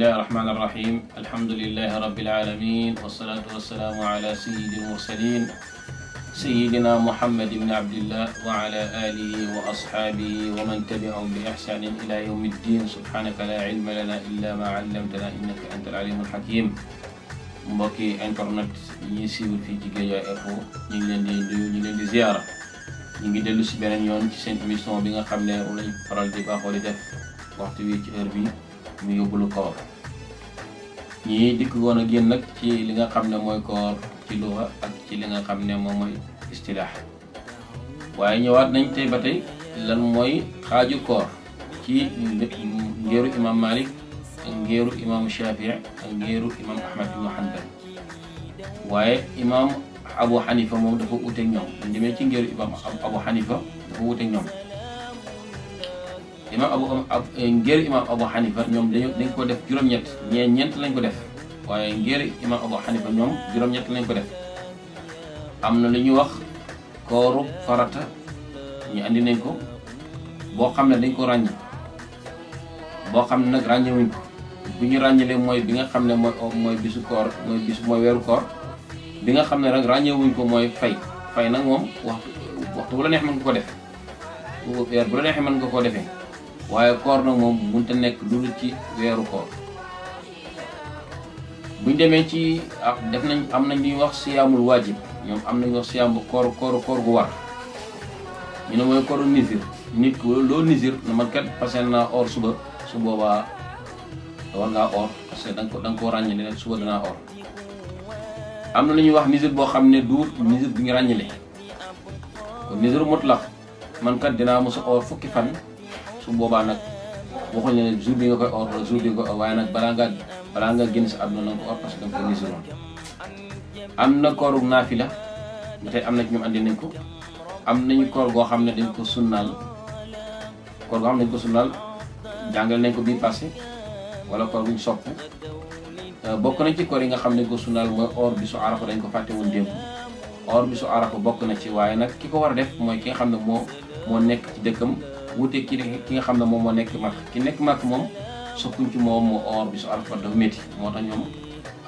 الله الرحمن الرحيم الحمد لله رب العالمين والصلاة والسلام على سيد المرسلين سيدنا محمد بن عبد الله وعلى آله وأصحابه ومن تبعهم بإحسان إلى يوم الدين سبحانك لا علم لنا إلا ما علمتنا إنك أنت العليم الحكيم مباكي انترنت يسيب في جيجا ci Guédiawaye Info دي ngi leen di nuyu ñu leen di يون ñu ngi dellu si beneen yoon ci seen émission bi nga xam ne lañ ñu yóbbulu koor ñii dikk woon ak nag ci li nga xam ne mooy koor ci luxa ak ci li nga xam ne moom mooy istilaax waaye ñëwaat nañ tey ba tey lan mooy xaaju koor ci ngeeru imam malik ak ngeeru imam shafii ngeeru imam ahmad ibnu waaye imam abu xanifa moom dafa wuute ci ngeeru imam ñoom imaam abu eh, ngéeri imaam abu xanifa ñoom dañu dañ ko def juróom-ñett ñee ñeent lañ ko def waaye ngéeri imaam abu xanifa ñoom juróom-ñett lañ ko def am na lu ñuy wax kooru farata ñu indi nañ ko boo xam ne dañ ko ràññ boo xam nag ràññewuñ ko bu ñu ràññalee mooy bi nga xam ne mooy mooy bisu koor mooy bisu mooy weeru koor bi nga xam ne nag ko mooy fay fay nag moom waxtu waxtu la neex mën nga ko def weer bu la neexee mën nga koo defee waye koor na mom munta nek dul ci wéru koor buñ démé ci def nañ am nañ ñuy wax siyamul wajib ñom am nañ wax siyam bu koor koor koor gu war ñu ne moy koor nizir nit ko lo nizir na man kat passé na or suba su boba war nga or parce que da ko dang ko ragné né suba dana or am na lu ñuy wax nizir bo xamné ne Nizir bi nga ragné lé nizir mutlaq man kat dina mos or fukki fan su boobaa nag waxuñu ne jour bi nga koy or wala jour bi nga koy or waaye nag balaa ngaa génn si àdduna na nga ko or parce que danga ko nisiroon na kooru na ko am nañu koor goo xam ne dañ ko sunnaal koor goo xam ne ko sunnaal jàngal nañ ko bii passé wala koor buñ sopp euh, bokk nañ ci koor yi nga xam ne ko sunnaal mooy or bi su arafa dañ ko fàtte woon démb or bi su arafa bokk na ci waaye nag ki ko war a def mooy ki xam ne moo moo nekk ci dëkkam wuté ki ki nga xamné mom mo nek mak ki nek mak mom sokku ci mom mo or bi su arafa dafa métti moo ñom ñoom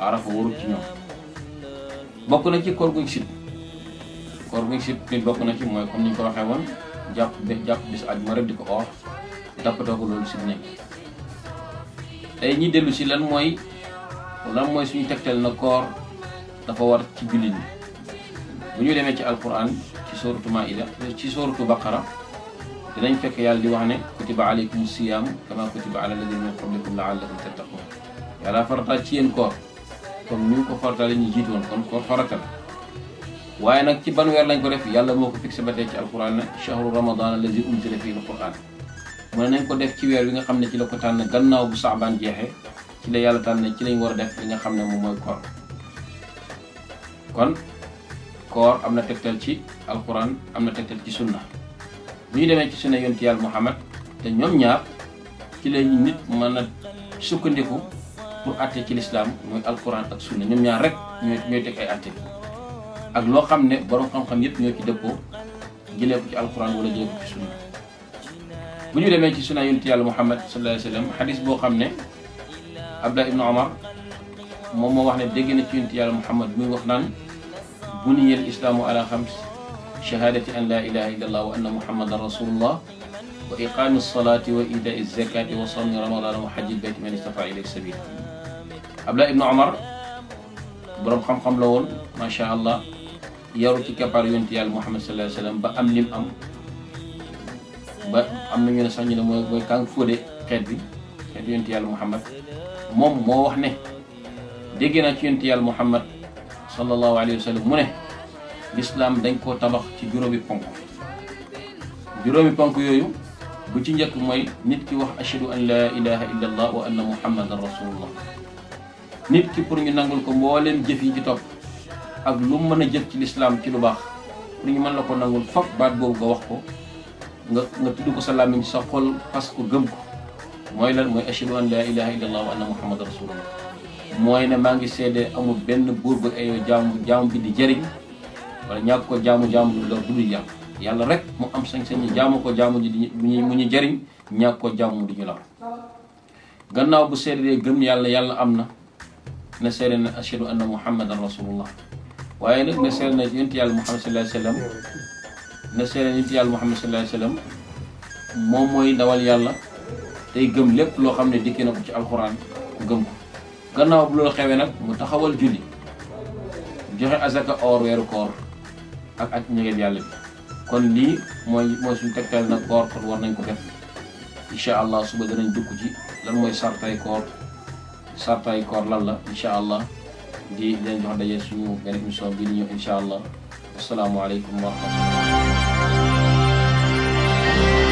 arafa warul ci ñom bokku na ci kor guñ sib kor guñ sib ni bokku na ci moy comme niñ ko waxé won japp be japp bis àjjuma mara di ko or do ko lolu sib nek tey ñi delu ci lan moy lan moy suñu tektel na kor dafa war ci jullit bu ñu démé ci alcorane ci sooratu maida ci sooratu baqara dinañ fekk yàlla di wax ne kutiba aleykum siyaam kama kutiba ala alladina min qablikum laallakum tattaqun yàlla farataal ci yéen koor comme ni mu ko farataale ñu jiit woon kon koor farata la waaye nag ci ban weer lañ ko def yàlla moo ko fixé ba tey ci alquran ne chahru ramadan allazi unzila fihi alquran mu ne nañ ko def ci weer wi nga xam ne ci la ko tànn gannaaw bu saabaan jeexee ci la yàlla tànn ci lañ war a def li nga xam ne moom mooy koor kon koor am na tegtal ci alquran am na tegtal ci sunna bu ñu demee ci sunna yonti yàlla Muhammad te ñoom ñaar ci la nit mën a sukkandiku pour àtte ci lislaam mooy alquran ak sunna ñoom ñaar rek ñooy ñooy ay àtte ak loo xam ne borom xam-xam yëpp ñoo ci dëppoo jëlee ko ci alquran wala jëlee ko ci sunna bu ñu demee ci sunna yonti yàlla Muhammad sallallahu alayhi wa boo xam ne Abdullah ibn Omar moom moo wax ne dégg na ci yonti yàlla Muhammad muy wax naan buniyal islaamu ala xams شهادة أن لا إله إلا الله وأن محمد رسول الله وإقام الصلاة وإيداء الزكاة وصوم رمضان وحج البيت من استطاع إليه سبيلا أبلاء ابن عمر برب خم خم لون ما شاء الله يرتك باريون تيال محمد صلى الله عليه وسلم بأم لم أم بأم لم ينسان ينمو كان فودي قد قد ينتيال محمد مم موحنه ديجنا كينتيال محمد صلى الله عليه وسلم منه l'islam dañ ko tabax ci juroomi ponk juroomi ponk yooyu bu ci njëkk mooy nit ki wax ashhadu an la ilaha illa allah wa anna muhammadan rasulullah nit ki pour ñu nangul ko mbooleem jëf yi ci topp ak lu mën a jëf ci l'islam ci lu baax pour ñu mën la ko nangul fop baat boobu nga wax ko nga nga tudd ko sa làmmiñ sa xol parce ko gëm ko mooy lan mooy ashhadu an la ilaha illa allah wa anna muhammadan rasulullah mooy ne maa ngi seede amul benn buur bu ay jaamu bi di jëriñ wala ñàkk ko jaamu jaamu du lor yàlla yàlla rek mu am sañ-sañ jaamu ko jaamu ji diñu mu ñu jariñ ñàkk ko jaamu du ñu lor gannaaw bu seedee gëm yàlla yàlla am na na seede na ashhadu anna muhammadan rasulullah waaye nag na seede na yonent yàlla muhammad sallallahu na seede na yonent yàlla muhammad sallallahu alayhi wasallam moom mooy dawal yàlla tey gëm lépp loo xam ne dikki na ko ci alxuraan ku gëm gannaaw bu loolu xewee nag mu taxawal julli joxe azaka or weeru koor ak ak njegeen yàlla bi kon lii mooy mooy suñu tegtal na koor kon war nañ ko def incha allah suba danañ dugg ci lan mooy sartay koor lan la incha allah di leen jox daje suñu benn émission bi di ñëw incha allah asalaamaaleykum